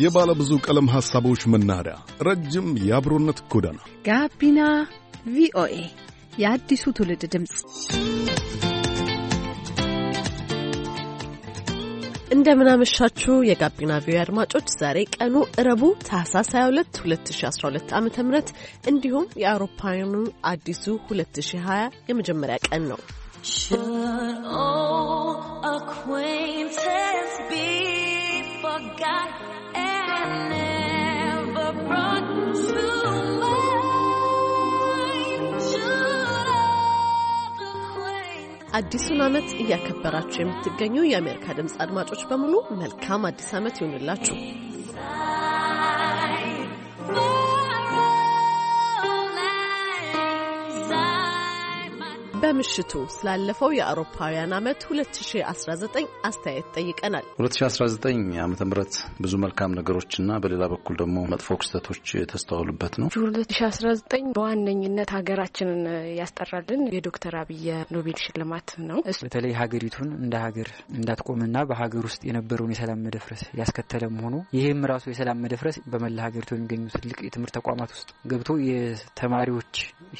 የባለ ብዙ ቀለም ሐሳቦች መናኸሪያ፣ ረጅም የአብሮነት ጎዳና ጋቢና ቪኦኤ የአዲሱ ትውልድ ድምፅ። እንደምናመሻችሁ የጋቢና ቪዮ አድማጮች፣ ዛሬ ቀኑ እረቡ ታህሳስ 22 2012 ዓ ም እንዲሁም የአውሮፓውያኑ አዲሱ 2020 የመጀመሪያ ቀን ነው። Should all acquaintance be አዲሱን ዓመት እያከበራችሁ የምትገኙ የአሜሪካ ድምፅ አድማጮች በሙሉ መልካም አዲስ ዓመት ይሁንላችሁ። በምሽቱ ስላለፈው የአውሮፓውያን ዓመት 2019 አስተያየት ጠይቀናል። 2019 ዓ ም ብዙ መልካም ነገሮችና በሌላ በኩል ደግሞ መጥፎ ክስተቶች የተስተዋሉበት ነው። 2019 በዋነኝነት ሀገራችንን ያስጠራልን የዶክተር አብይ ኖቤል ሽልማት ነው። በተለይ ሀገሪቱን እንደ ሀገር እንዳትቆምና በሀገር ውስጥ የነበረውን የሰላም መደፍረስ ያስከተለ መሆኑ ይህም ራሱ የሰላም መደፍረስ በመላ ሀገሪቱ የሚገኙ ትልቅ የትምህርት ተቋማት ውስጥ ገብቶ የተማሪዎች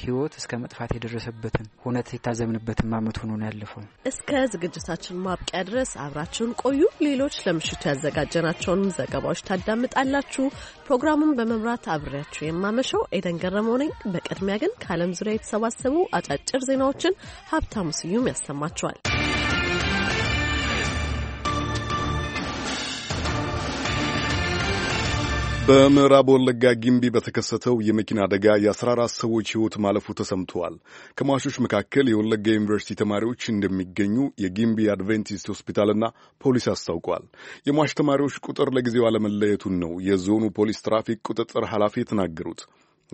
ህይወት እስከ መጥፋት የደረሰበትን ሁነት የታዘብንበትም አመት ሆኖ ነው ያለፈው። እስከ ዝግጅታችን ማብቂያ ድረስ አብራችሁን ቆዩ። ሌሎች ለምሽቱ ያዘጋጀናቸውን ዘገባዎች ታዳምጣላችሁ። ፕሮግራሙን በመምራት አብሬያችሁ የማመሸው ኤደን ገረመው ነኝ። በቅድሚያ ግን ከዓለም ዙሪያ የተሰባሰቡ አጫጭር ዜናዎችን ሀብታሙ ስዩም ያሰማቸዋል። በምዕራብ ወለጋ ጊምቢ በተከሰተው የመኪና አደጋ የ14 ሰዎች ሕይወት ማለፉ ተሰምተዋል። ከሟቾች መካከል የወለጋ ዩኒቨርሲቲ ተማሪዎች እንደሚገኙ የጊምቢ አድቬንቲስት ሆስፒታልና ፖሊስ አስታውቋል። የሟች ተማሪዎች ቁጥር ለጊዜው አለመለየቱን ነው የዞኑ ፖሊስ ትራፊክ ቁጥጥር ኃላፊ የተናገሩት።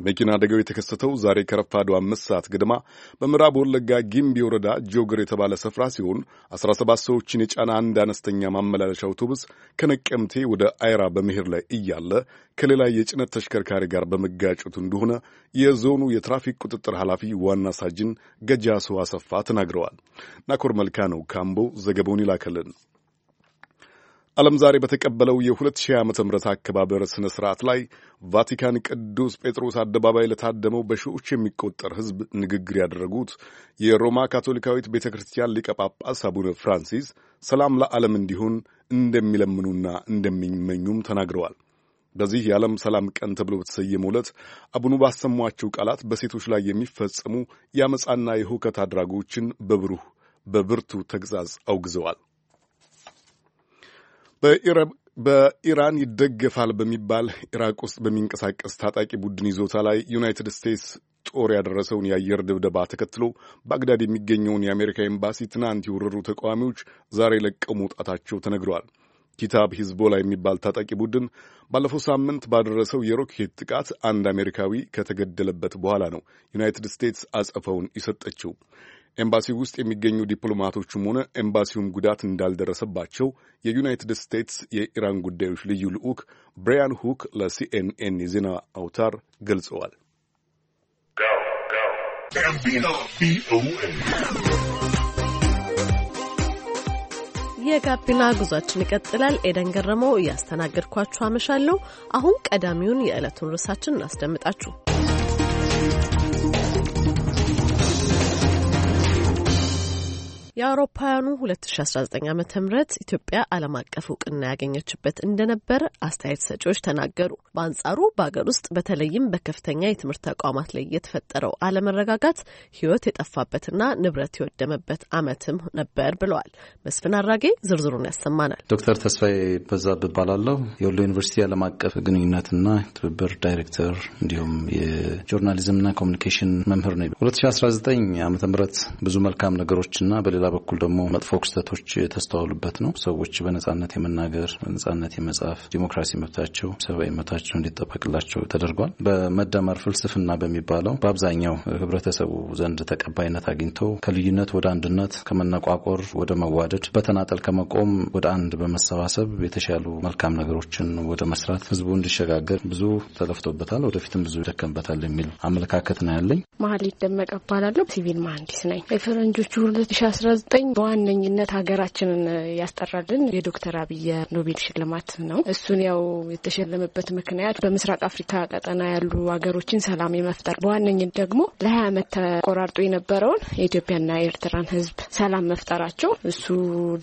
መኪና አደጋው የተከሰተው ዛሬ ከረፋዱ አምስት ሰዓት ገደማ በምዕራብ ወለጋ ጊምቢ ወረዳ ጆግር የተባለ ስፍራ ሲሆን 17 ሰዎችን የጫነ አንድ አነስተኛ ማመላለሻ አውቶቡስ ከነቀምቴ ወደ አይራ በመሄድ ላይ እያለ ከሌላ የጭነት ተሽከርካሪ ጋር በመጋጨቱ እንደሆነ የዞኑ የትራፊክ ቁጥጥር ኃላፊ ዋና ሳጅን ገጃሶ አሰፋ ተናግረዋል። ናኮር መልካ ነው ካምቦ ዘገባውን ይላከልን። ዓለም ዛሬ በተቀበለው የ2000 ዓ ም አከባበር ሥነ ሥርዓት ላይ ቫቲካን ቅዱስ ጴጥሮስ አደባባይ ለታደመው በሺዎች የሚቆጠር ሕዝብ ንግግር ያደረጉት የሮማ ካቶሊካዊት ቤተ ክርስቲያን ሊቀ ጳጳስ አቡነ ፍራንሲስ ሰላም ለዓለም እንዲሆን እንደሚለምኑና እንደሚመኙም ተናግረዋል። በዚህ የዓለም ሰላም ቀን ተብሎ በተሰየመው ዕለት አቡኑ ባሰሟቸው ቃላት በሴቶች ላይ የሚፈጸሙ የአመፃና የሁከት አድራጎችን በብሩህ በብርቱ ተግዛዝ አውግዘዋል። በኢራን ይደገፋል በሚባል ኢራቅ ውስጥ በሚንቀሳቀስ ታጣቂ ቡድን ይዞታ ላይ ዩናይትድ ስቴትስ ጦር ያደረሰውን የአየር ድብደባ ተከትሎ ባግዳድ የሚገኘውን የአሜሪካ ኤምባሲ ትናንት የወረሩ ተቃዋሚዎች ዛሬ ለቀው መውጣታቸው ተነግረዋል። ኪታብ ሂዝቦላ የሚባል ታጣቂ ቡድን ባለፈው ሳምንት ባደረሰው የሮኬት ጥቃት አንድ አሜሪካዊ ከተገደለበት በኋላ ነው ዩናይትድ ስቴትስ አጸፈውን የሰጠችው። ኤምባሲ ውስጥ የሚገኙ ዲፕሎማቶቹም ሆነ ኤምባሲውም ጉዳት እንዳልደረሰባቸው የዩናይትድ ስቴትስ የኢራን ጉዳዮች ልዩ ልዑክ ብራያን ሁክ ለሲኤንኤን የዜና አውታር ገልጸዋል። የጋቢና ጉዟችን ይቀጥላል። ኤደን ገረመው እያስተናገድኳችሁ አመሻለሁ። አሁን ቀዳሚውን የዕለቱን ርዕሳችን እናስደምጣችሁ። የአውሮፓውያኑ 2019 ዓ ም ኢትዮጵያ ዓለም አቀፍ እውቅና ያገኘችበት እንደነበር አስተያየት ሰጪዎች ተናገሩ። በአንጻሩ በአገር ውስጥ በተለይም በከፍተኛ የትምህርት ተቋማት ላይ የተፈጠረው አለመረጋጋት ሕይወት የጠፋበትና ንብረት የወደመበት ዓመትም ነበር ብለዋል። መስፍን አራጌ ዝርዝሩን ያሰማናል። ዶክተር ተስፋዬ በዛብህ እባላለሁ። የወሎ ዩኒቨርሲቲ ዓለም አቀፍ ግንኙነትና ትብብር ዳይሬክተር እንዲሁም የጆርናሊዝምና ኮሚኒኬሽን መምህር ነው። 2019 ዓ ም ብዙ መልካም ነገሮችና በሌላ በኩል ደግሞ መጥፎ ክስተቶች የተስተዋሉበት ነው። ሰዎች በነጻነት የመናገር በነጻነት የመጻፍ ዲሞክራሲ መብታቸው፣ ሰብአዊ መብታቸው እንዲጠበቅላቸው ተደርጓል። በመደመር ፍልስፍና በሚባለው በአብዛኛው ህብረተሰቡ ዘንድ ተቀባይነት አግኝቶ ከልዩነት ወደ አንድነት፣ ከመነቋቆር ወደ መዋደድ፣ በተናጠል ከመቆም ወደ አንድ በመሰባሰብ የተሻሉ መልካም ነገሮችን ወደ መስራት ህዝቡ እንዲሸጋገር ብዙ ተለፍቶበታል፣ ወደፊትም ብዙ ይደከምበታል የሚል አመለካከት ነው ያለኝ። መሀል ይደመቀ እባላለሁ። ሲቪል መሀንዲስ ነኝ። የፈረንጆቹ ዘጠኝ በዋነኝነት ሀገራችንን ያስጠራልን የዶክተር አብይ ኖቤል ሽልማት ነው። እሱን ያው የተሸለመበት ምክንያት በምስራቅ አፍሪካ ቀጠና ያሉ ሀገሮችን ሰላም የመፍጠር በዋነኝነት ደግሞ ለሀያ ዓመት ተቆራርጦ የነበረውን የኢትዮጵያና የኤርትራን ሕዝብ ሰላም መፍጠራቸው እሱ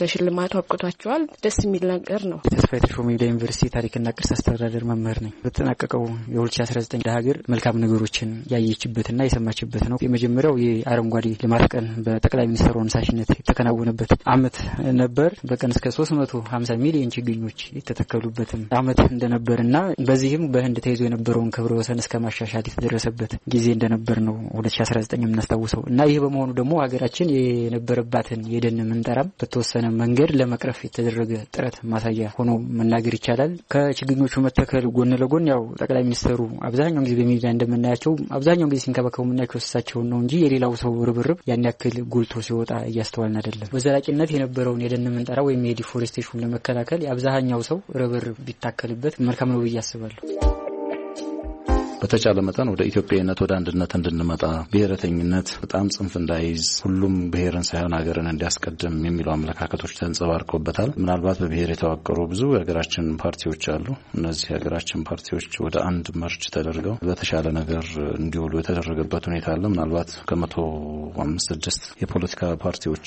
ለሽልማቱ አብቅቷቸዋል። ደስ የሚል ነገር ነው። ተስፋዬ ተሾመ ለዩኒቨርሲቲ ታሪክና ቅርስ አስተዳደር መምህር ነኝ። በተጠናቀቀው የ2019 ለሀገር መልካም ነገሮችን ያየችበትና የሰማችበት ነው። የመጀመሪያው የአረንጓዴ ልማት ቀን በጠቅላይ ሚኒስትር ወንሳሽ በዋናነት የተከናወነበት አመት ነበር። በቀን እስከ መቶ ሀምሳ ሚሊዮን ችግኞች የተተከሉበትም አመት እንደነበርና በዚህም በህንድ ተይዞ የነበረውን ክብረ ወሰን እስከ ማሻሻል የተደረሰበት ጊዜ እንደነበር ነው 2019 የምናስታውሰው እና ይህ በመሆኑ ደግሞ ሀገራችን የነበረባትን የደን ምንጠራም በተወሰነ መንገድ ለመቅረፍ የተደረገ ጥረት ማሳያ ሆኖ መናገር ይቻላል። ከችግኞቹ መተከል ጎን ለጎን ያው ጠቅላይ ሚኒስትሩ አብዛኛውን ጊዜ በሚዲያ እንደምናያቸው አብዛኛውን ጊዜ ሲንከባከቡ የምናያቸው እሳቸውን ነው እንጂ የሌላው ሰው ርብርብ ያን ያክል ጎልቶ ሲወጣ እያ እያስተዋልን አይደለም። በዘላቂነት የነበረውን የደን ምንጠራ ወይም የዲፎሬስቴሽን ለመከላከል የአብዛኛው ሰው ርብርብ ቢታከልበት መልካም ነው ብዬ አስባለሁ። በተቻለ መጠን ወደ ኢትዮጵያዊነት ወደ አንድነት እንድንመጣ ብሔረተኝነት በጣም ጽንፍ እንዳይዝ ሁሉም ብሔርን ሳይሆን ሀገርን እንዲያስቀድም የሚለው አመለካከቶች ተንጸባርቀውበታል። ምናልባት በብሔር የተዋቀሩ ብዙ የሀገራችን ፓርቲዎች አሉ። እነዚህ የሀገራችን ፓርቲዎች ወደ አንድ መርጅ ተደርገው በተሻለ ነገር እንዲውሉ የተደረገበት ሁኔታ አለ። ምናልባት ከመቶ አምስት ስድስት የፖለቲካ ፓርቲዎች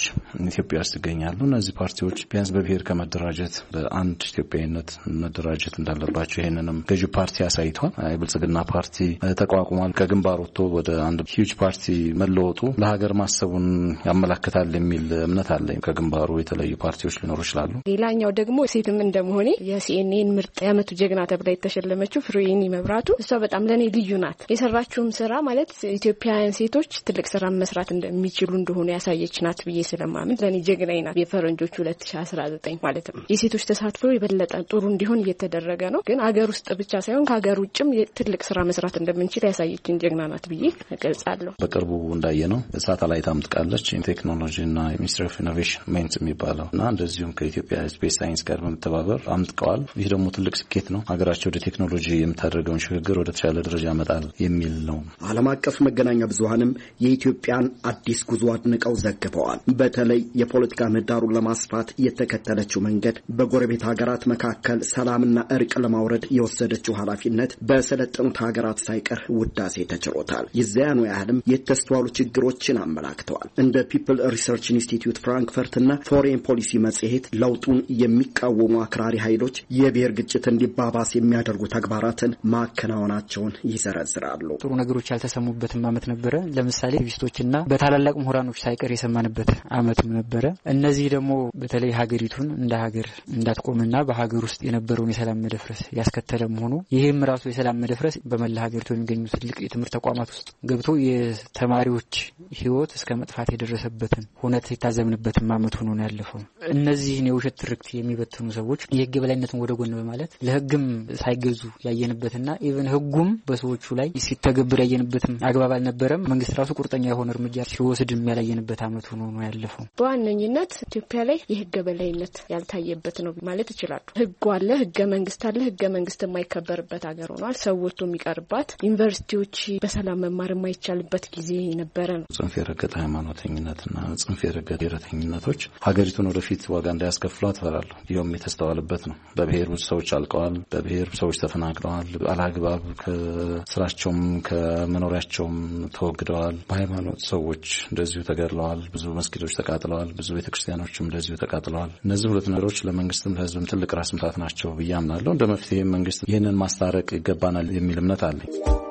ኢትዮጵያ ውስጥ ይገኛሉ። እነዚህ ፓርቲዎች ቢያንስ በብሔር ከመደራጀት በአንድ ኢትዮጵያዊነት መደራጀት እንዳለባቸው ይህንንም ገዢ ፓርቲ አሳይቷል። የብልጽግና ፓርቲ ተቋቁሟል። ከግንባር ወጥቶ ወደ አንድ ሂውጅ ፓርቲ መለወጡ ለሀገር ማሰቡን ያመላክታል የሚል እምነት አለኝ። ከግንባሩ የተለያዩ ፓርቲዎች ሊኖሩ ይችላሉ። ሌላኛው ደግሞ ሴትም እንደመሆኔ የሲኤንኤን ምርጥ ያመቱ ጀግና ተብላ የተሸለመችው ፍሬኒ መብራቱ እሷ በጣም ለእኔ ልዩ ናት። የሰራችውም ስራ ማለት ኢትዮጵያውያን ሴቶች ትልቅ ስራ መስራት እንደሚችሉ እንደሆኑ ያሳየች ናት ብዬ ስለማምን ለእኔ ጀግናይ ናት። የፈረንጆች 2019 ማለት ነው። የሴቶች ተሳትፎ የበለጠ ጥሩ እንዲሆን እየተደረገ ነው። ግን ሀገር ውስጥ ብቻ ሳይሆን ከሀገር ውጭም ትልቅ ስራ መስራት እንደምንችል ያሳየችን ጀግና ናት ብዬ እገልጻለሁ። በቅርቡ እንዳየ ነው ሳተላይት አምጥቃለች። ቴክኖሎጂና ሚኒስትሪ ኦፍ ኢኖቬሽን ሜንት የሚባለው እና እንደዚሁም ከኢትዮጵያ ስፔስ ሳይንስ ጋር በመተባበር አምጥቀዋል። ይህ ደግሞ ትልቅ ስኬት ነው። ሀገራቸው ወደ ቴክኖሎጂ የምታደርገውን ሽግግር ወደ ተሻለ ደረጃ ያመጣል የሚል ነው። ዓለም አቀፍ መገናኛ ብዙሀንም የኢትዮጵያን አዲስ ጉዞ አድንቀው ዘግበዋል። በተለይ የፖለቲካ ምህዳሩን ለማስፋት የተከተለችው መንገድ በጎረቤት ሀገራት መካከል ሰላምና እርቅ ለማውረድ የወሰደችው ኃላፊነት በሰለጠኑት ሀገራት ሀገራት ሳይቀር ውዳሴ ተችሮታል። የዚያኑ ያህልም የተስተዋሉ ችግሮችን አመላክተዋል። እንደ ፒፕል ሪሰርች ኢንስቲትዩት ፍራንክፈርትና ፎሬን ፖሊሲ መጽሔት ለውጡን የሚቃወሙ አክራሪ ኃይሎች የብሔር ግጭት እንዲባባስ የሚያደርጉ ተግባራትን ማከናወናቸውን ይዘረዝራሉ። ጥሩ ነገሮች ያልተሰሙበትም አመት ነበረ። ለምሳሌ አክቲቪስቶችና በታላላቅ ምሁራኖች ሳይቀር የሰማንበት አመትም ነበረ። እነዚህ ደግሞ በተለይ ሀገሪቱን እንደ ሀገር እንዳትቆምና በሀገር ውስጥ የነበረውን የሰላም መደፍረስ ያስከተለ መሆኑ ይህም ራሱ የሰላም መደፍረስ በመ በመላ ሀገሪቱ የሚገኙ ትልቅ የትምህርት ተቋማት ውስጥ ገብቶ የተማሪዎች ህይወት እስከ መጥፋት የደረሰበትን ሁነት የታዘብንበትም አመት ሆኖ ነው ያለፈው። እነዚህን የውሸት ትርክት የሚበትኑ ሰዎች የህግ በላይነትን ወደ ጎን በማለት ለህግም ሳይገዙ ያየንበትና ኢቨን ህጉም በሰዎቹ ላይ ሲተገብር ያየንበትም አግባብ አልነበረም። መንግስት ራሱ ቁርጠኛ የሆነ እርምጃ ሲወስድም ያላየንበት አመት ሆኖ ነው ያለፈው። በዋነኝነት ኢትዮጵያ ላይ የህገ በላይነት ያልታየበት ነው ማለት ይችላሉ። ህጉ አለ፣ ህገ መንግስት አለ። ህገ መንግስት የማይከበርበት ሀገር ሆኗል። ሰዎቹ የሚቀር ሲጨመርባት ዩኒቨርሲቲዎች በሰላም መማር የማይቻልበት ጊዜ የነበረ ነው። ጽንፍ የረገጠ ሃይማኖተኝነትና ጽንፍ የረገጠ ብሔረተኝነቶች ሀገሪቱን ወደፊት ዋጋ እንዳያስከፍሉ አትፈራሉ። ይኸውም የተስተዋለበት ነው። በብሔር ሰዎች አልቀዋል። በብሔር ሰዎች ተፈናቅለዋል። አላግባብ ከስራቸውም ከመኖሪያቸውም ተወግደዋል። በሃይማኖት ሰዎች እንደዚሁ ተገድለዋል። ብዙ መስጊዶች ተቃጥለዋል። ብዙ ቤተክርስቲያኖችም እንደዚሁ ተቃጥለዋል። እነዚህ ሁለት ነገሮች ለመንግስትም ለህዝብም ትልቅ ራስ ምታት ናቸው ብዬ አምናለሁ። እንደ መፍትሄ መንግስት ይህንን ማስታረቅ ይገባናል የሚል እምነት 革美。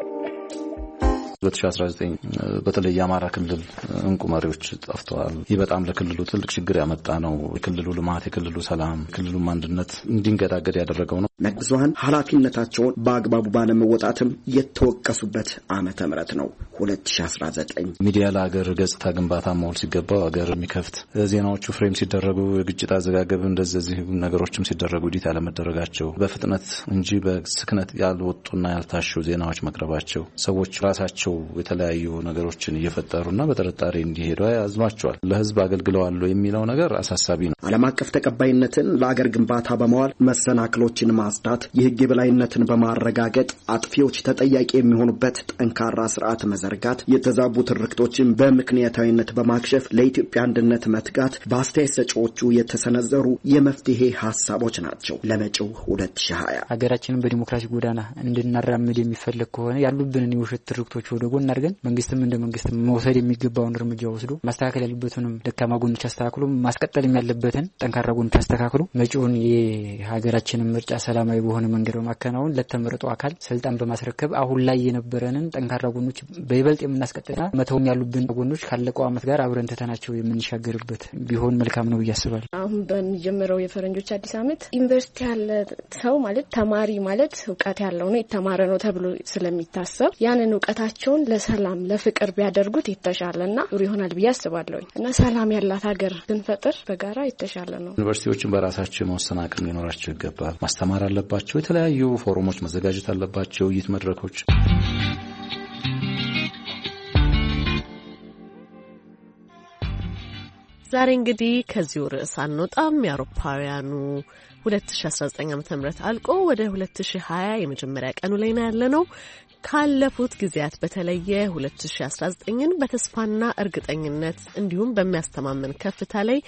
2019 በተለይ የአማራ ክልል እንቁ መሪዎች ጠፍተዋል። ይህ በጣም ለክልሉ ትልቅ ችግር ያመጣ ነው። የክልሉ ልማት፣ የክልሉ ሰላም፣ የክልሉ አንድነት እንዲንገዳገድ ያደረገው ነው። ብዙሀን ኃላፊነታቸውን በአግባቡ ባለመወጣትም የተወቀሱበት ዓመተ ምህረት ነው 2019። ሚዲያ ለሀገር ገጽታ ግንባታ መሆን ሲገባው ሀገር የሚከፍት ዜናዎቹ ፍሬም ሲደረጉ የግጭት አዘጋገብ እንደዚህ ነገሮችም ሲደረጉ ዲት ያለመደረጋቸው በፍጥነት እንጂ በስክነት ያልወጡና ያልታሹ ዜናዎች መቅረባቸው ሰዎች ራሳቸው ራሳቸው የተለያዩ ነገሮችን እየፈጠሩና በጥርጣሬ እንዲሄዱ ያዝማቸዋል። ለህዝብ አገልግለዋሉ የሚለው ነገር አሳሳቢ ነው። ዓለም አቀፍ ተቀባይነትን ለአገር ግንባታ በመዋል መሰናክሎችን ማጽዳት፣ የህግ የበላይነትን በማረጋገጥ አጥፊዎች ተጠያቂ የሚሆኑበት ጠንካራ ስርዓት መዘርጋት፣ የተዛቡ ትርክቶችን በምክንያታዊነት በማክሸፍ ለኢትዮጵያ አንድነት መትጋት በአስተያየት ሰጪዎቹ የተሰነዘሩ የመፍትሄ ሀሳቦች ናቸው። ለመጪው 2020 ሀገራችንን በዲሞክራሲ ጎዳና እንድናራምድ የሚፈለግ ከሆነ ያሉብንን የውሸት ትርክቶች ወደ ጎን አድርገን መንግስትም እንደ መንግስት መውሰድ የሚገባውን እርምጃ ወስዶ ማስተካከል ያለበትንም ደካማ ጎኖች አስተካክሎ ማስቀጠልም ያለበትን ጠንካራ ጎኖች አስተካክሎ መጪውን የሀገራችንን ምርጫ ሰላማዊ በሆነ መንገድ በማከናወን ለተመረጡ አካል ስልጣን በማስረከብ አሁን ላይ የነበረንን ጠንካራ ጎኖች በይበልጥ የምናስቀጥልና መተውም ያሉብን ጎኖች ካለቀው ዓመት ጋር አብረን ተተናቸው የምንሻገርበት ቢሆን መልካም ነው ብዬ አስባለሁ። አሁን በሚጀምረው የፈረንጆች አዲስ ዓመት ዩኒቨርሲቲ ያለ ሰው ማለት ተማሪ ማለት እውቀት ያለው ነው የተማረ ነው ተብሎ ስለሚታሰብ ያንን እውቀታቸው ትኩረታቸውን ለሰላም ለፍቅር ቢያደርጉት የተሻለ እና ጥሩ ይሆናል ብዬ አስባለሁ እና ሰላም ያላት ሀገር ስንፈጥር በጋራ የተሻለ ነው። ዩኒቨርሲቲዎችን በራሳቸው የመወሰን አቅም ሊኖራቸው ይገባል። ማስተማር አለባቸው። የተለያዩ ፎረሞች መዘጋጀት አለባቸው። ውይይት መድረኮች ዛሬ እንግዲህ ከዚሁ ርዕስ አንወጣም። የአውሮፓውያኑ 2019 ዓ ም አልቆ ወደ 2020 የመጀመሪያ ቀኑ ላይ ነው ያለ ነው። ካለፉት ጊዜያት በተለየ 2019ን በተስፋና እርግጠኝነት እንዲሁም በሚያስተማምን ከፍታ ላይ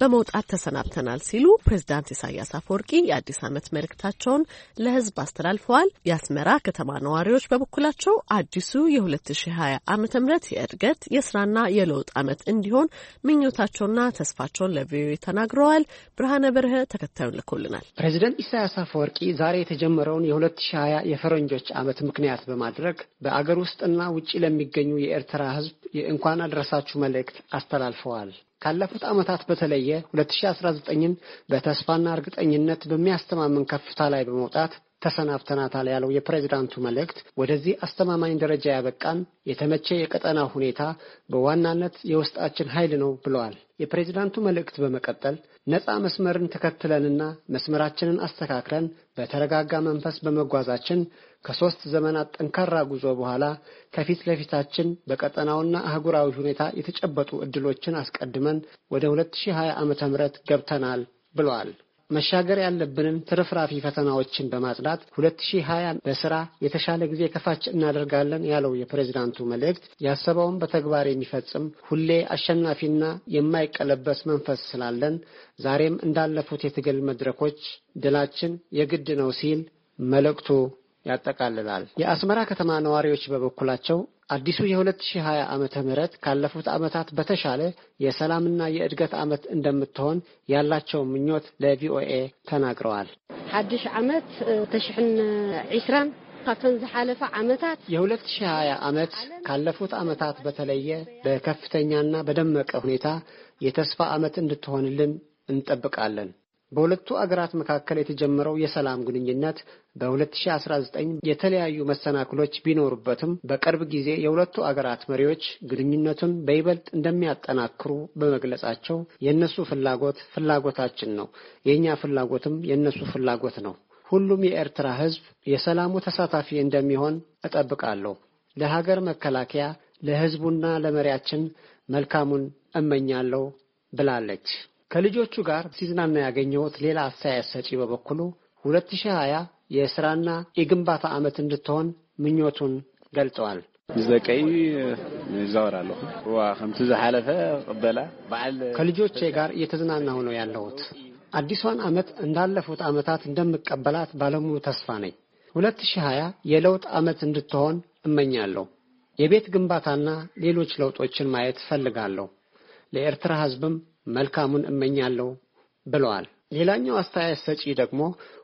በመውጣት ተሰናብተናል ሲሉ ፕሬዚዳንት ኢሳያስ አፈወርቂ የአዲስ ዓመት መልእክታቸውን ለህዝብ አስተላልፈዋል። የአስመራ ከተማ ነዋሪዎች በበኩላቸው አዲሱ የ2020 ዓ ምት የእድገት የስራና የለውጥ ዓመት እንዲሆን ምኞታቸውና ተስፋቸውን ለቪኦኤ ተናግረዋል። ብርሃነ በርሀ ተከታዩን ልኮልናል። ፕሬዚደንት ኢሳያስ አፈወርቂ ዛሬ የተጀመረውን የ2020 የፈረንጆች ዓመት ምክንያት በማድረግ በአገር ውስጥና ውጭ ለሚገኙ የኤርትራ ህዝብ የእንኳን አድረሳችሁ መልእክት አስተላልፈዋል። ካለፉት ዓመታት በተለየ 2019ን በተስፋና እርግጠኝነት በሚያስተማምን ከፍታ ላይ በመውጣት ተሰናብተናታል ያለው የፕሬዚዳንቱ መልእክት ወደዚህ አስተማማኝ ደረጃ ያበቃን የተመቸ የቀጠና ሁኔታ በዋናነት የውስጣችን ኃይል ነው ብለዋል። የፕሬዚዳንቱ መልእክት በመቀጠል ነፃ መስመርን ተከትለንና መስመራችንን አስተካክለን በተረጋጋ መንፈስ በመጓዛችን ከሶስት ዘመናት ጠንካራ ጉዞ በኋላ ከፊት ለፊታችን በቀጠናውና አህጉራዊ ሁኔታ የተጨበጡ እድሎችን አስቀድመን ወደ 2020 ዓመተ ምህረት ገብተናል ብለዋል። መሻገር ያለብንን ትርፍራፊ ፈተናዎችን በማጽዳት 2020 በስራ የተሻለ ጊዜ ከፋች እናደርጋለን ያለው የፕሬዝዳንቱ መልእክት ያሰበውን በተግባር የሚፈጽም ሁሌ አሸናፊና የማይቀለበስ መንፈስ ስላለን ዛሬም እንዳለፉት የትግል መድረኮች ድላችን የግድ ነው ሲል መልእክቱ ያጠቃልላል። የአስመራ ከተማ ነዋሪዎች በበኩላቸው አዲሱ የ2020 ዓመተ ምህረት ካለፉት ዓመታት በተሻለ የሰላምና የእድገት ዓመት እንደምትሆን ያላቸው ምኞት ለቪኦኤ ተናግረዋል። ሓድሽ ዓመት ተሽሕን ዒስራን ካብቶም ዝሓለፈ ዓመታት የ2020 ዓመት ካለፉት ዓመታት በተለየ በከፍተኛና በደመቀ ሁኔታ የተስፋ ዓመት እንድትሆንልን እንጠብቃለን። በሁለቱ አገራት መካከል የተጀመረው የሰላም ግንኙነት በ2019 የተለያዩ መሰናክሎች ቢኖሩበትም በቅርብ ጊዜ የሁለቱ አገራት መሪዎች ግንኙነቱን በይበልጥ እንደሚያጠናክሩ በመግለጻቸው የእነሱ ፍላጎት ፍላጎታችን ነው፣ የእኛ ፍላጎትም የእነሱ ፍላጎት ነው። ሁሉም የኤርትራ ሕዝብ የሰላሙ ተሳታፊ እንደሚሆን እጠብቃለሁ። ለሀገር መከላከያ ለሕዝቡና ለመሪያችን መልካሙን እመኛለሁ ብላለች። ከልጆቹ ጋር ሲዝናና ያገኘሁት ሌላ አስተያየት ሰጪ በበኩሉ 2020 የስራና የግንባታ ዓመት እንድትሆን ምኞቱን ገልጸዋል። ዝደቀይ ይዛወራለሁ ከምቲ ዝሓለፈ ቅበላ በዓል ከልጆቼ ጋር እየተዝናናሁ ነው ያለሁት። አዲሷን ዓመት እንዳለፉት ዓመታት እንደምቀበላት ባለሙሉ ተስፋ ነኝ። 2020 የለውጥ ዓመት እንድትሆን እመኛለሁ። የቤት ግንባታና ሌሎች ለውጦችን ማየት እፈልጋለሁ። ለኤርትራ ሕዝብም መልካሙን እመኛለሁ ብለዋል። ሌላኛው አስተያየት ሰጪ ደግሞ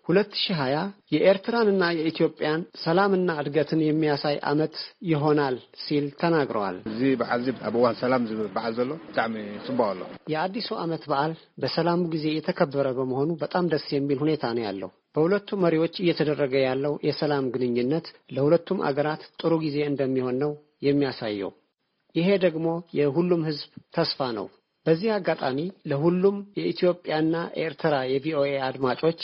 2020 የኤርትራንና የኢትዮጵያን ሰላምና እድገትን የሚያሳይ ዓመት ይሆናል ሲል ተናግረዋል። እዚ በዓል ኣብ እዋን ሰላም በዓል ዘሎ ብጣዕሚ ፅቡቅ ኣሎ። የአዲሱ ዓመት በዓል በሰላሙ ጊዜ የተከበረ በመሆኑ በጣም ደስ የሚል ሁኔታ ነው ያለው። በሁለቱ መሪዎች እየተደረገ ያለው የሰላም ግንኙነት ለሁለቱም አገራት ጥሩ ጊዜ እንደሚሆን ነው የሚያሳየው። ይሄ ደግሞ የሁሉም ሕዝብ ተስፋ ነው። በዚህ አጋጣሚ ለሁሉም የኢትዮጵያና ኤርትራ የቪኦኤ አድማጮች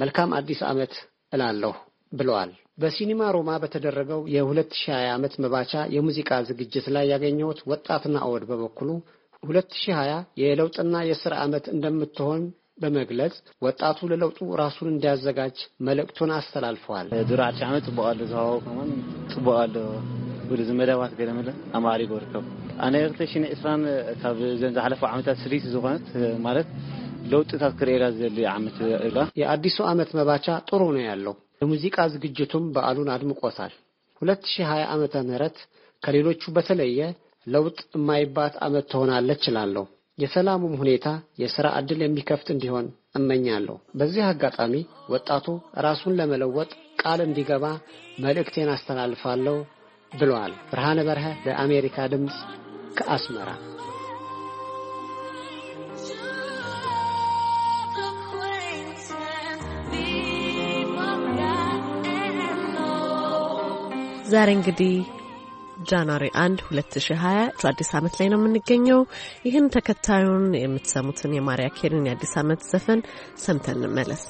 መልካም አዲስ ዓመት እላለሁ ብለዋል። በሲኒማ ሮማ በተደረገው የ2020 ዓመት መባቻ የሙዚቃ ዝግጅት ላይ ያገኘሁት ወጣትና አወድ በበኩሉ 2020 የለውጥና የስር ዓመት እንደምትሆን በመግለጽ ወጣቱ ለለውጡ ራሱን እንዲያዘጋጅ መልእክቱን አስተላልፈዋል። ዱር ዓመት ፅቡቅ ኣሎ ዝሃቦ ከውን ፅቡቅ ኣሎ ብሉ ዝመደባት ኣነ 220 ካብ ዘን ዝሓለፈ ዓመታት ስሪት ዝኾነት ማለት ለውጥታት ክርእላ ዘድልዩ ዓመት ኢላ የአዲሱ ዓመት መባቻ ጥሩ ነው ያለው። የሙዚቃ ዝግጅቱም በዓሉን አድምቆታል። 2020 ዓመተ ምህረት ከሌሎቹ በተለየ ለውጥ የማይባት ዓመት ትሆናለች እላለሁ። የሰላሙም ሁኔታ የሥራ ዕድል የሚከፍት እንዲሆን እመኛለሁ። በዚህ አጋጣሚ ወጣቱ ራሱን ለመለወጥ ቃል እንዲገባ መልእክቴን አስተላልፋለሁ ብለዋል። ብርሃነ በርሀ ለአሜሪካ ድምፅ ከአስመራ ዛሬ እንግዲህ ጃንዋሪ 1 2020 አዲስ ዓመት ላይ ነው የምንገኘው። ይህን ተከታዩን የምትሰሙትን የማሪያ ኬሪን የአዲስ ዓመት ዘፈን ሰምተን እንመለስ።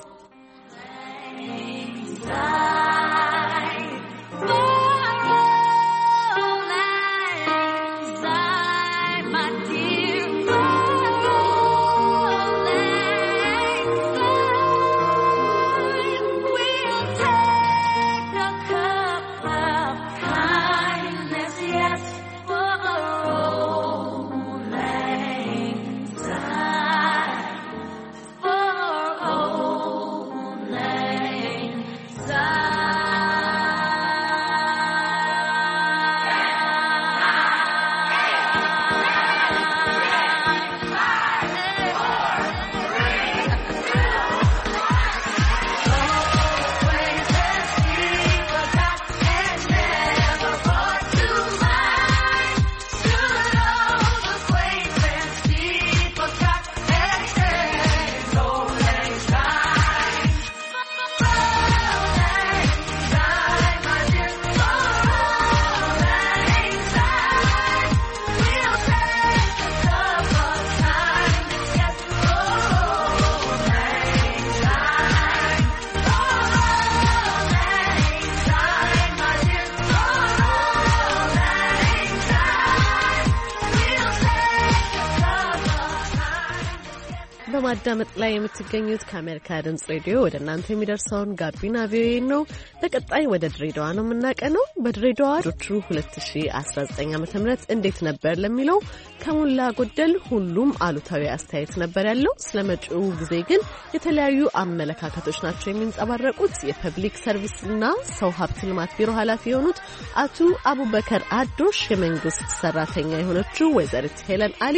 በማዳመጥ ላይ የምትገኙት ከአሜሪካ ድምጽ ሬዲዮ ወደ እናንተ የሚደርሰውን ጋቢና ቪኦኤ ነው። በቀጣይ ወደ ድሬዳዋ ነው የምናቀነው። በድሬዳዋ ዶቹ 2019 ዓ ም እንዴት ነበር ለሚለው ከሞላ ጎደል ሁሉም አሉታዊ አስተያየት ነበር ያለው። ስለ መጪው ጊዜ ግን የተለያዩ አመለካከቶች ናቸው የሚንጸባረቁት። የፐብሊክ ሰርቪስና ሰው ሀብት ልማት ቢሮ ኃላፊ የሆኑት አቶ አቡበከር አዶሽ፣ የመንግስት ሰራተኛ የሆነችው ወይዘሪት ሄለን አሊ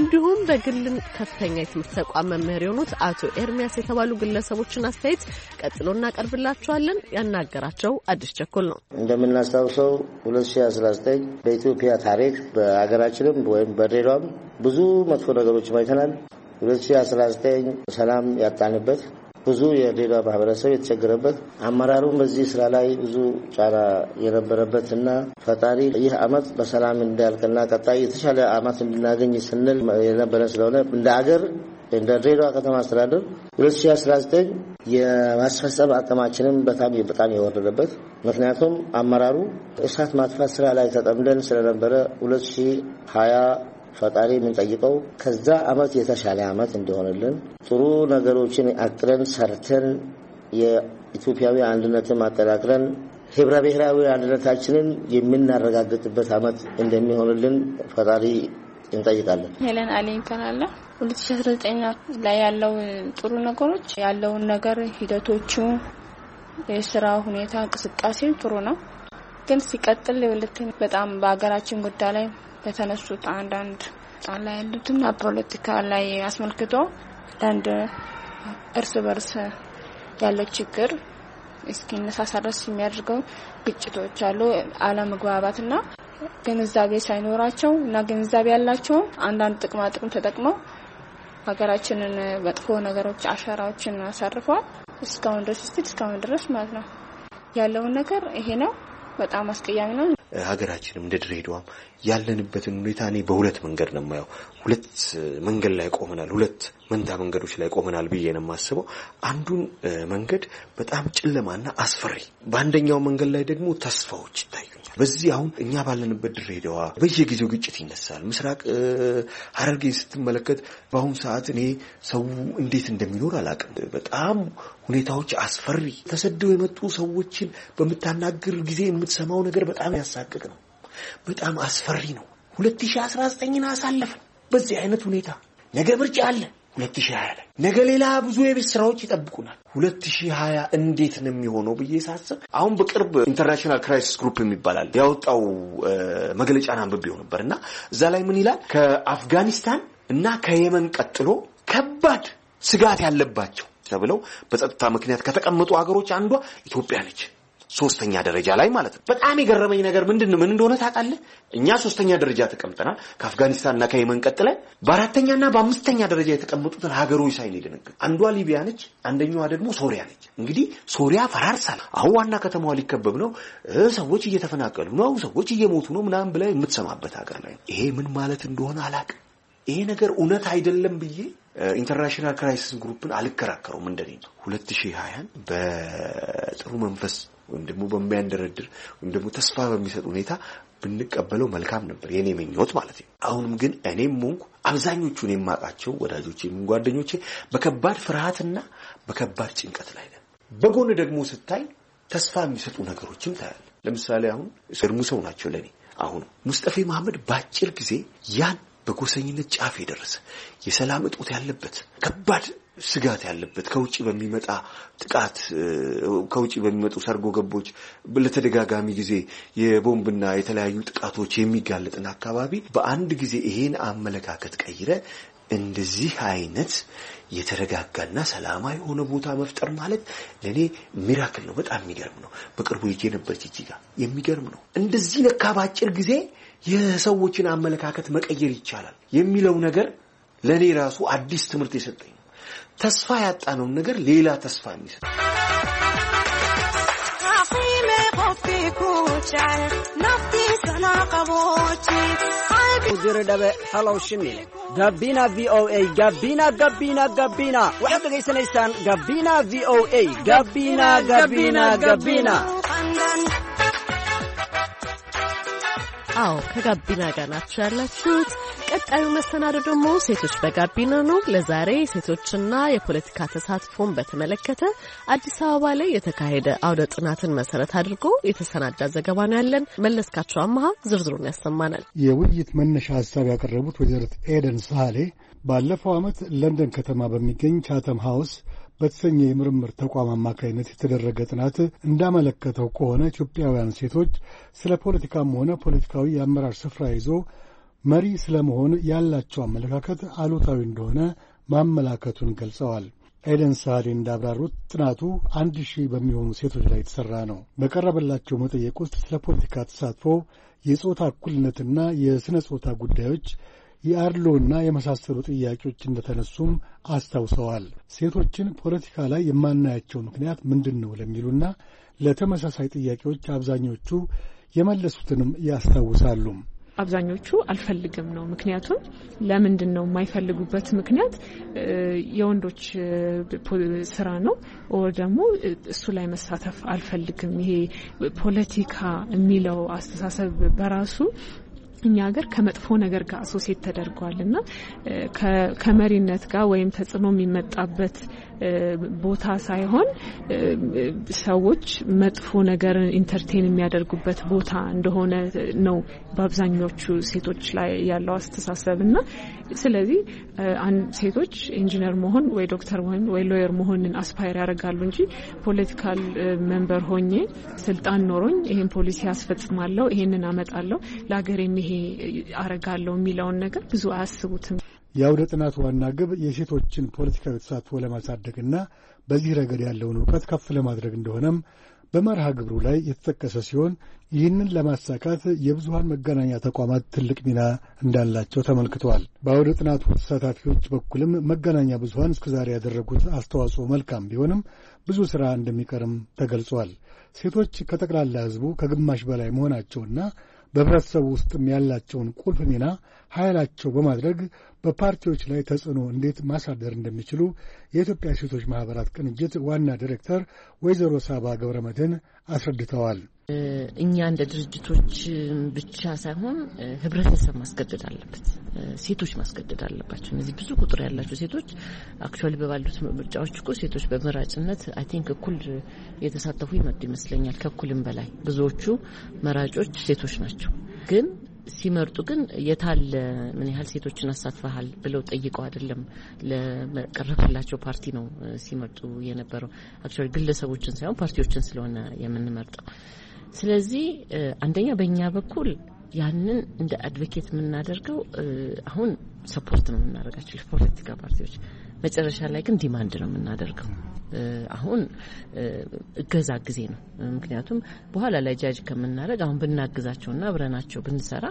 እንዲሁም በግል ከፍተኛ የትምህርት ተቋም መምህር የሆኑት አቶ ኤርሚያስ የተባሉ ግለሰቦችን አስተያየት ቀጥሎ እናቀርብላቸዋለን ያናገራቸው አዲስ ቸኮል ነው። እንደምናስታውሰው 2019 በኢትዮጵያ ታሪክ በሀገራችንም ወይም በድሬዳዋም ብዙ መጥፎ ነገሮች አይተናል። 2019 ሰላም ያጣንበት ብዙ የድሬዳዋ ማህበረሰብ የተቸገረበት አመራሩም በዚህ ስራ ላይ ብዙ ጫና የነበረበት እና ፈጣሪ ይህ አመት በሰላም እንዳያልቅና ቀጣይ የተሻለ አመት እንድናገኝ ስንል የነበረ ስለሆነ እንደ አገር ለድሬዳዋ ከተማ አስተዳደር 2019 የማስፈጸም አቅማችንም በጣም በጣም የወረደበት ምክንያቱም አመራሩ እሳት ማጥፋት ስራ ላይ ተጠምደን ስለነበረ 2020 ፈጣሪ የምንጠይቀው ከዛ አመት የተሻለ አመት እንዲሆንልን ጥሩ ነገሮችን አቅረን ሰርተን የኢትዮጵያዊ አንድነትን አጠናክረን ህብረ ብሔራዊ አንድነታችንን የምናረጋግጥበት አመት እንደሚሆንልን ፈጣሪ እንጠይቃለን። ሄለን አሌ ይባላለሁ። 2019 ላይ ያለው ጥሩ ነገሮች ያለውን ነገር ሂደቶቹ፣ የስራ ሁኔታ እንቅስቃሴ ጥሩ ነው። ግን ሲቀጥል የሁለተኛ በጣም በሀገራችን ጉዳይ ላይ በተነሱት አንዳንድ ጣላ ያሉትና ፖለቲካ ላይ አስመልክቶ አንዳንድ እርስ በርስ ያለው ችግር እስኪነሳሳ ድረስ የሚያደርገው ግጭቶች አሉ፣ አለመግባባትና ግንዛቤ ሳይኖራቸው እና ግንዛቤ ያላቸውም አንዳንድ ጥቅማጥቅም ተጠቅመው ሀገራችንን መጥፎ ነገሮች አሻራዎችን አሳርፈዋል። እስካሁን ድረስ ስቲል እስካሁን ድረስ ማለት ነው ያለውን ነገር ይሄ ነው። በጣም አስቀያሚ ነው። ሀገራችንም እንደ ድሬዳዋም ያለንበትን ሁኔታ እኔ በሁለት መንገድ ነው የማየው። ሁለት መንገድ ላይ ቆመናል፣ ሁለት መንታ መንገዶች ላይ ቆመናል ብዬ ነው የማስበው። አንዱን መንገድ በጣም ጨለማና አስፈሪ፣ በአንደኛው መንገድ ላይ ደግሞ ተስፋዎች ይታዩ በዚህ አሁን እኛ ባለንበት ድሬዳዋ በየጊዜው ግጭት ይነሳል። ምስራቅ ሐረርጌን ስትመለከት በአሁኑ ሰዓት እኔ ሰው እንዴት እንደሚኖር አላውቅም። በጣም ሁኔታዎች አስፈሪ፣ ተሰደው የመጡ ሰዎችን በምታናግር ጊዜ የምትሰማው ነገር በጣም ያሳቅቅ ነው። በጣም አስፈሪ ነው። 2019ን አሳለፍን በዚህ አይነት ሁኔታ። ነገ ምርጫ አለ 2020 ላይ ነገ ሌላ ብዙ የቤት ስራዎች ይጠብቁናል። 2020 እንዴት ነው የሚሆነው ብዬ ሳስብ አሁን በቅርብ ኢንተርናሽናል ክራይሲስ ግሩፕ የሚባላል ያወጣው መግለጫን አንብቤው ነበር እና እዛ ላይ ምን ይላል? ከአፍጋኒስታን እና ከየመን ቀጥሎ ከባድ ስጋት ያለባቸው ተብለው በጸጥታ ምክንያት ከተቀመጡ ሀገሮች አንዷ ኢትዮጵያ ነች። ሶስተኛ ደረጃ ላይ ማለት ነው። በጣም የገረመኝ ነገር ምንድን ምን እንደሆነ ታውቃለህ? እኛ ሶስተኛ ደረጃ ተቀምጠናል ከአፍጋኒስታንና ከየመን ቀጥለን በአራተኛና በአምስተኛ ደረጃ የተቀመጡትን ሀገሮች ይልንግ አንዷ ሊቢያ ነች፣ አንደኛዋ ደግሞ ሶሪያ ነች። እንግዲህ ሶሪያ ፈራርሳል። አሁን ዋና ከተማዋ ሊከበብ ነው፣ ሰዎች እየተፈናቀሉ ነው፣ ሰዎች እየሞቱ ነው ምናምን ብላ የምትሰማበት ሀገር ላይ ይሄ ምን ማለት እንደሆነ አላቅም ይሄ ነገር እውነት አይደለም ብዬ ኢንተርናሽናል ክራይሲስ ግሩፕን አልከራከረውም። እንደኔ ነው ሁለት ሺህ ሀያን በጥሩ መንፈስ ወይም ደግሞ በሚያንደረድር ወይም ደግሞ ተስፋ በሚሰጥ ሁኔታ ብንቀበለው መልካም ነበር፣ የኔ ምኞት ማለት ነው። አሁንም ግን እኔም ሆንኩ አብዛኞቹን የማውቃቸው ወዳጆቼም ጓደኞቼ በከባድ ፍርሃትና በከባድ ጭንቀት ላይ ነን። በጎን ደግሞ ስታይ ተስፋ የሚሰጡ ነገሮችም ታያል። ለምሳሌ አሁን እርሙ ሰው ናቸው ለእኔ አሁን ሙስጠፌ መሐመድ በአጭር ጊዜ ያን በጎሰኝነት ጫፍ የደረሰ የሰላም እጦት ያለበት ከባድ ስጋት ያለበት ከውጭ በሚመጣ ጥቃት ከውጭ በሚመጡ ሰርጎ ገቦች ለተደጋጋሚ ጊዜ የቦምብና የተለያዩ ጥቃቶች የሚጋለጥን አካባቢ በአንድ ጊዜ ይሄን አመለካከት ቀይረ እንደዚህ አይነት የተረጋጋና ሰላማዊ የሆነ ቦታ መፍጠር ማለት ለእኔ ሚራክል ነው። በጣም የሚገርም ነው። በቅርቡ ይዤ ነበር ጅጅጋ። የሚገርም ነው። እንደዚህ ለካ በአጭር ጊዜ የሰዎችን አመለካከት መቀየር ይቻላል የሚለው ነገር ለእኔ ራሱ አዲስ ትምህርት የሰጠኝ ነው። ተስፋ ያጣነውን ነገር ሌላ ተስፋ የሚሰጥ ሰናቀቦች gabbina v o a gabbina gabbina gabbina waxaad dhegaysanaysaan gabbina v o a gabbina gabbina gabbina አዎ ከጋቢና ጋር ናችሁ ያላችሁት ቀጣዩ መሰናዶ ደግሞ ሴቶች በጋቢና ነው። ለዛሬ ሴቶችና የፖለቲካ ተሳትፎን በተመለከተ አዲስ አበባ ላይ የተካሄደ አውደ ጥናትን መሰረት አድርጎ የተሰናዳ ዘገባ ነው ያለን። መለስካቸው አመሃ ዝርዝሩን ያሰማናል። የውይይት መነሻ ሀሳብ ያቀረቡት ወይዘሪት ኤደን ሳሌ ባለፈው ዓመት ለንደን ከተማ በሚገኝ ቻተም ሀውስ በተሰኘ የምርምር ተቋም አማካኝነት የተደረገ ጥናት እንዳመለከተው ከሆነ ኢትዮጵያውያን ሴቶች ስለ ፖለቲካም ሆነ ፖለቲካዊ የአመራር ስፍራ ይዞ መሪ ስለ መሆን ያላቸው አመለካከት አሉታዊ እንደሆነ ማመላከቱን ገልጸዋል። ኤደን ሳህሌ እንዳብራሩት ጥናቱ አንድ ሺህ በሚሆኑ ሴቶች ላይ የተሠራ ነው። በቀረበላቸው መጠየቅ ውስጥ ስለ ፖለቲካ ተሳትፎ፣ የጾታ እኩልነትና የሥነ ጾታ ጉዳዮች የአድሎና የመሳሰሉ ጥያቄዎች እንደተነሱም አስታውሰዋል። ሴቶችን ፖለቲካ ላይ የማናያቸው ምክንያት ምንድን ነው ለሚሉና ለተመሳሳይ ጥያቄዎች አብዛኞቹ የመለሱትንም ያስታውሳሉ። አብዛኞቹ አልፈልግም ነው። ምክንያቱም ለምንድን ነው የማይፈልጉበት ምክንያት የወንዶች ስራ ነው ወር ደግሞ እሱ ላይ መሳተፍ አልፈልግም። ይሄ ፖለቲካ የሚለው አስተሳሰብ በራሱ እኛ ሀገር ከመጥፎ ነገር ጋር አሶሴት ተደርጓል እና ከመሪነት ጋር ወይም ተጽዕኖ የሚመጣበት ቦታ ሳይሆን ሰዎች መጥፎ ነገርን ኢንተርቴን የሚያደርጉበት ቦታ እንደሆነ ነው በአብዛኞቹ ሴቶች ላይ ያለው አስተሳሰብ እና ስለዚህ ሴቶች ኢንጂነር መሆን ወይ ዶክተር ወይም ወይ ሎየር መሆንን አስፓየር ያደርጋሉ እንጂ ፖለቲካል መንበር ሆኜ ስልጣን ኖሮኝ ይሄን ፖሊሲ ያስፈጽማለሁ፣ ይሄንን አመጣለሁ፣ ለሀገሬም ይሄ አረጋለሁ የሚለውን ነገር ብዙ አያስቡትም። የአውደ ጥናቱ ዋና ግብ የሴቶችን ፖለቲካዊ ተሳትፎ ለማሳደግና በዚህ ረገድ ያለውን እውቀት ከፍ ለማድረግ እንደሆነም በመርሃ ግብሩ ላይ የተጠቀሰ ሲሆን ይህንን ለማሳካት የብዙሃን መገናኛ ተቋማት ትልቅ ሚና እንዳላቸው ተመልክተዋል። በአውደ ጥናቱ ተሳታፊዎች በኩልም መገናኛ ብዙሃን እስከዛሬ ያደረጉት አስተዋጽኦ መልካም ቢሆንም ብዙ ሥራ እንደሚቀርም ተገልጿል። ሴቶች ከጠቅላላ ሕዝቡ ከግማሽ በላይ መሆናቸውና በህብረተሰቡ ውስጥም ያላቸውን ቁልፍ ሚና ኃይላቸው በማድረግ በፓርቲዎች ላይ ተጽዕኖ እንዴት ማሳደር እንደሚችሉ የኢትዮጵያ ሴቶች ማኅበራት ቅንጅት ዋና ዲሬክተር ወይዘሮ ሳባ ገብረ መድህን አስረድተዋል። እኛ እንደ ድርጅቶች ብቻ ሳይሆን ህብረተሰብ ማስገደድ አለበት። ሴቶች ማስገደድ አለባቸው። እነዚህ ብዙ ቁጥር ያላቸው ሴቶች አክቹዋሊ በባሉት ምርጫዎች እኮ ሴቶች በመራጭነት አይ ቲንክ እኩል የተሳተፉ ይመጡ ይመስለኛል። ከእኩልም በላይ ብዙዎቹ መራጮች ሴቶች ናቸው ግን ሲመርጡ ግን የታለ ምን ያህል ሴቶችን አሳትፈሃል ብለው ጠይቀው አይደለም ለመቀረፍላቸው ፓርቲ ነው ሲመርጡ የነበረው። አክቹዋሊ ግለሰቦችን ሳይሆን ፓርቲዎችን ስለሆነ የምንመርጠው ስለዚህ አንደኛ በእኛ በኩል ያንን እንደ አድቮኬት የምናደርገው አሁን ሰፖርት ነው የምናደርጋቸው ለፖለቲካ ፓርቲዎች፣ መጨረሻ ላይ ግን ዲማንድ ነው የምናደርገው አሁን እገዛ ጊዜ ነው። ምክንያቱም በኋላ ላይ ጃጅ ከምናደረግ አሁን ብናግዛቸውና አብረናቸው ብንሰራ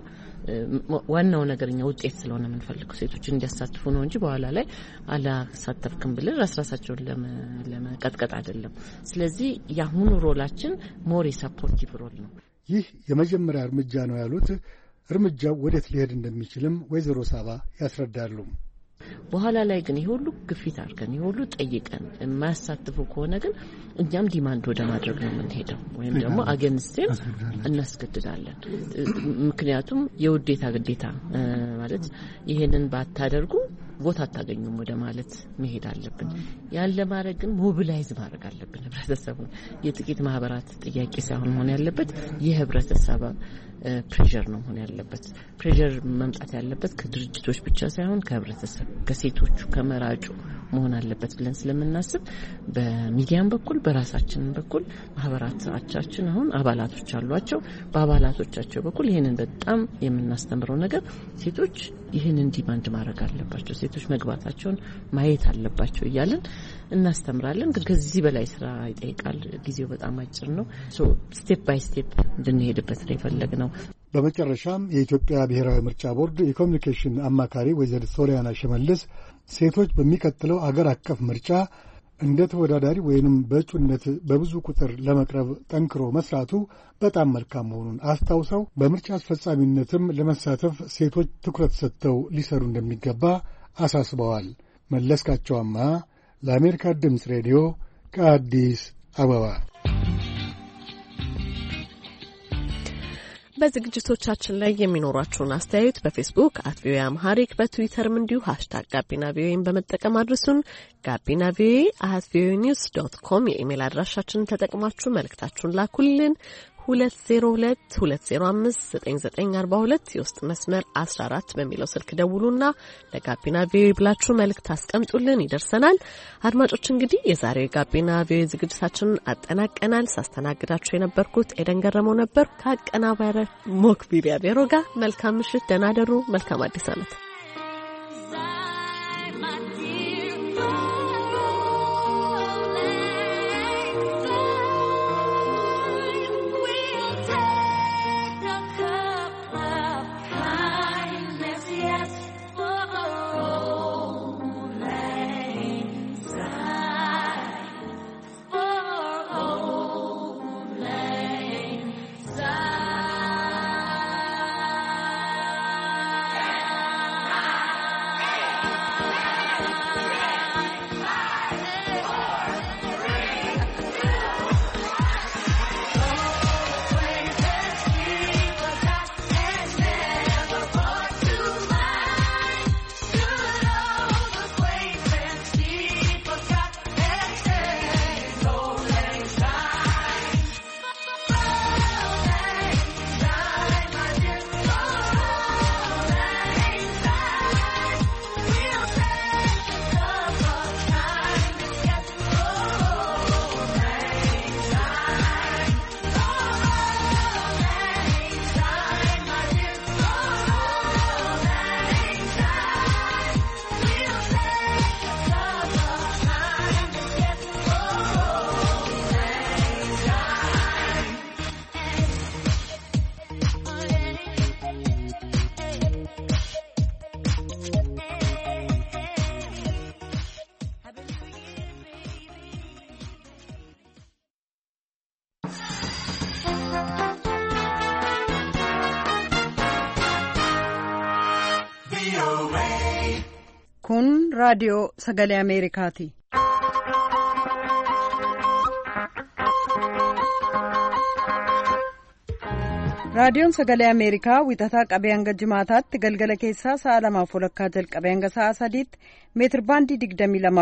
ዋናው ነገርኛ ውጤት ስለሆነ የምንፈልገው ሴቶችን እንዲያሳትፉ ነው እንጂ በኋላ ላይ አላሳተፍክም ብለን ራስራሳቸውን ለመቀጥቀጥ አይደለም። ስለዚህ የአሁኑ ሮላችን ሞር የሰፖርቲቭ ሮል ነው። ይህ የመጀመሪያ እርምጃ ነው ያሉት እርምጃው ወዴት ሊሄድ እንደሚችልም ወይዘሮ ሳባ ያስረዳሉ። በኋላ ላይ ግን የሁሉ ግፊት አድርገን የሁሉ ጠይቀን የማያሳትፉ ከሆነ ግን እኛም ዲማንድ ወደ ማድረግ ነው የምንሄደው፣ ወይም ደግሞ አገንስቴም እናስገድዳለን። ምክንያቱም የውዴታ ግዴታ ማለት ይህንን ባታደርጉ ቦታ አታገኙም ወደ ማለት መሄድ አለብን። ያን ለማድረግ ግን ሞቢላይዝ ማድረግ አለብን ህብረተሰቡን። የጥቂት ማህበራት ጥያቄ ሳይሆን መሆን ያለበት የህብረተሰብ ፕሬር ነው መሆን ያለበት። ፕሬር መምጣት ያለበት ከድርጅቶች ብቻ ሳይሆን ከህብረተሰብ፣ ከሴቶቹ፣ ከመራጩ መሆን አለበት ብለን ስለምናስብ በሚዲያም በኩል በራሳችንም በኩል ማህበራቻችን አሁን አባላቶች አሏቸው። በአባላቶቻቸው በኩል ይህንን በጣም የምናስተምረው ነገር ሴቶች ይህንን ዲማንድ ማድረግ አለባቸው፣ ሴቶች መግባታቸውን ማየት አለባቸው እያለን እናስተምራለን። ግን ከዚህ በላይ ስራ ይጠይቃል። ጊዜው በጣም አጭር ነው። ስቴፕ ባይ ስቴፕ እንድንሄድበት ነው የፈለግነው። በመጨረሻም የኢትዮጵያ ብሔራዊ ምርጫ ቦርድ የኮሚኒኬሽን አማካሪ ወይዘሪት ሶሊያና ሽመልስ ሴቶች በሚቀጥለው አገር አቀፍ ምርጫ እንደ ተወዳዳሪ ወይንም በእጩነት በብዙ ቁጥር ለመቅረብ ጠንክሮ መስራቱ በጣም መልካም መሆኑን አስታውሰው በምርጫ አስፈጻሚነትም ለመሳተፍ ሴቶች ትኩረት ሰጥተው ሊሰሩ እንደሚገባ አሳስበዋል። መለስካቸው አማ ለአሜሪካ ድምፅ ሬዲዮ ከአዲስ አበባ። በዝግጅቶቻችን ላይ የሚኖሯችሁን አስተያየት በፌስቡክ አት ቪኦኤ አምሃሪክ በትዊተርም እንዲሁ ሀሽታግ ጋቢና ቪኦኤን በመጠቀም አድርሱን። ጋቢና ቪኦኤ አት ቪኦኤ ኒውስ ዶት ኮም የኢሜይል አድራሻችንን ተጠቅማችሁ መልእክታችሁን ላኩልን። 2022059942 የውስጥ መስመር 14 በሚለው ስልክ ደውሉና ለጋቢና ቪኦኤ ብላችሁ መልእክት አስቀምጡልን፣ ይደርሰናል። አድማጮች እንግዲህ የዛሬው የጋቢና ቪኦኤ ዝግጅታችንን አጠናቀናል። ሳስተናግዳችሁ የነበርኩት ኤደን ገረመው ነበር ከአቀናባሪ ሞክቢሪያ ቤሮ ጋር። መልካም ምሽት፣ ደህና ደሩ። መልካም አዲስ ዓመት። raadiyoo sagalee ameerikaati. raadiyoon sagalee ameerikaa wixataa qabee hanga jimaataatti galgala keessaa sa'a lamaaf walakkaa jalqabee hanga sa'a sadiitti meetir baandii digdamii lama